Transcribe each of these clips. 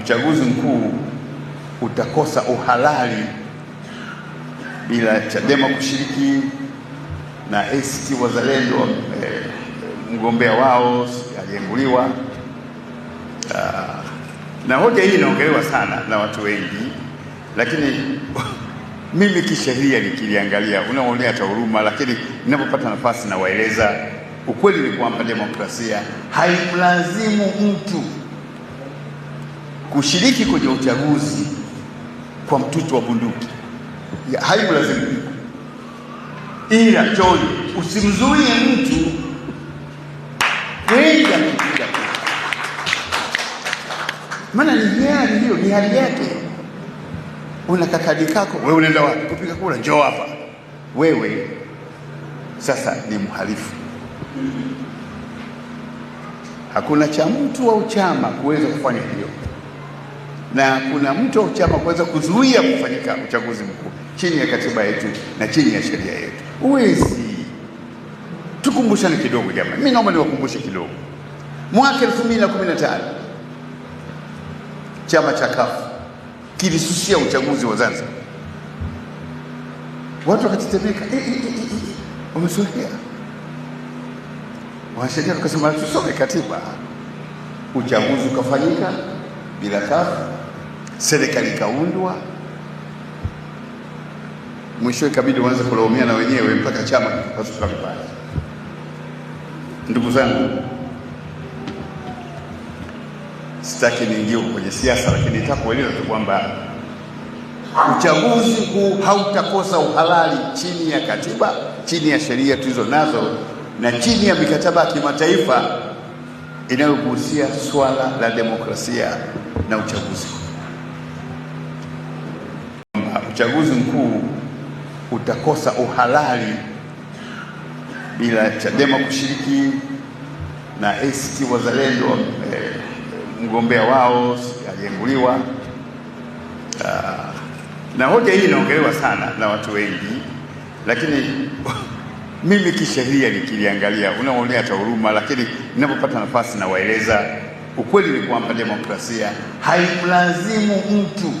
uchaguzi mkuu utakosa uhalali bila Chadema kushiriki na ACT Wazalendo eh, mgombea wao alienguliwa. Ah, na hoja hii inaongelewa sana na watu wengi, lakini mimi kisheria nikiliangalia, unaonea hata huruma, lakini ninapopata nafasi nawaeleza ukweli ni kwamba demokrasia haimlazimu mtu kushiriki kwenye uchaguzi kwa mtutu wa bunduki haimlazimiki, ila choni usimzuie mtu kwenda kupiga kura, maana ni hiari, hiyo ni hali yake. Una kakadi kako, wewe unaenda wapi kupiga kura? Njoo hapa wewe. Sasa ni mhalifu. Hakuna cha mtu au chama kuweza kufanya hiyo na kuna mto chama kuweza kuzuia kufanyika uchaguzi mkuu chini ya katiba yetu na chini ya sheria yetu. Huwezi. Tukumbushane kidogo jamani, mimi naomba niwakumbushe kidogo. Mwaka 2015 chama cha kafu kilisusia uchaguzi wa Zanzibar, watu wakatetemeka, eh, eh, eh, wamesusia wanasheria, tukasema tusome katiba, uchaguzi ukafanyika bila kafu serikali ikaundwa, mwisho ikabidi uanze na wenyewe mpaka chama kikapasuka vibaya. Ndugu zangu, sitaki niingie kwenye siasa, lakini nataka kueleza tu kwamba uchaguzi huu hautakosa uhalali chini ya katiba, chini ya sheria tulizo nazo na chini ya mikataba ya kimataifa inayogusia swala la demokrasia na uchaguzi uchaguzi mkuu utakosa uhalali bila Chadema kushiriki na ACT Wazalendo eh, mgombea wao alienguliwa. Uh, ah, na hoja hii inaongelewa sana na watu wengi, lakini mimi kisheria nikiliangalia, unaonea hata huruma, lakini ninapopata nafasi nawaeleza ukweli ni kwamba demokrasia haimlazimu mtu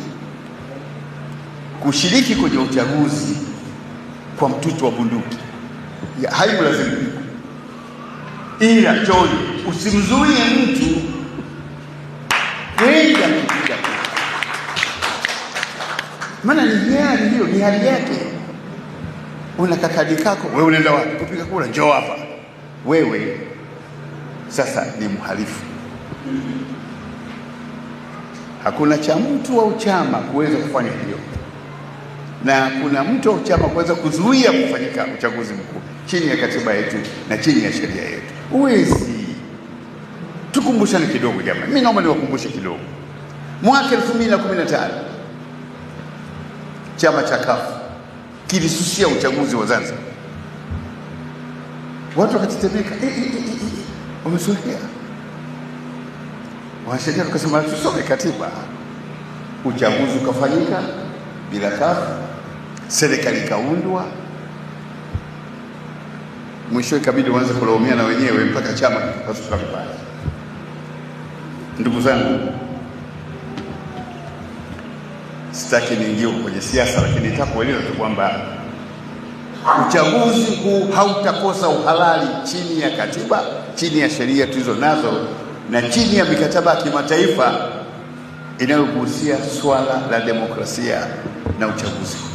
kushiriki kwenye uchaguzi kwa mtutu wa bunduki haimlazimika, ila choni, usimzuie mtu kwenda kupiga kura, maana ni hiari, hiyo ni hali yake. Una kakadi kako, wewe unaenda wapi kupiga kura? Njoo hapa wewe. Sasa ni mhalifu. Hakuna cha mtu au chama kuweza kufanya hiyo na kuna mto chama kuweza kuzuia kufanyika uchaguzi mkuu chini ya katiba yetu na chini ya sheria yetu. Huwezi. Tukumbushane kidogo jamani, mimi naomba niwakumbushe kidogo. Mwaka 2015 chama cha kafu kilisusia uchaguzi wa Zanzibar, watu wakatetemeka, eh, eh, eh, wamesusia. Wanasheria tukasema tusome katiba, uchaguzi ukafanyika bila kafu serikali ikaundwa, mwisho ikabidi uanze na wenyewe mpaka chama kikapasuka vibaya. Ndugu zangu, sitaki niingie kwenye siasa, lakini nitakueleza tu kwamba uchaguzi huu hautakosa uhalali chini ya katiba, chini ya sheria tulizo nazo na chini ya mikataba ya kimataifa inayogusia swala la demokrasia na uchaguzi.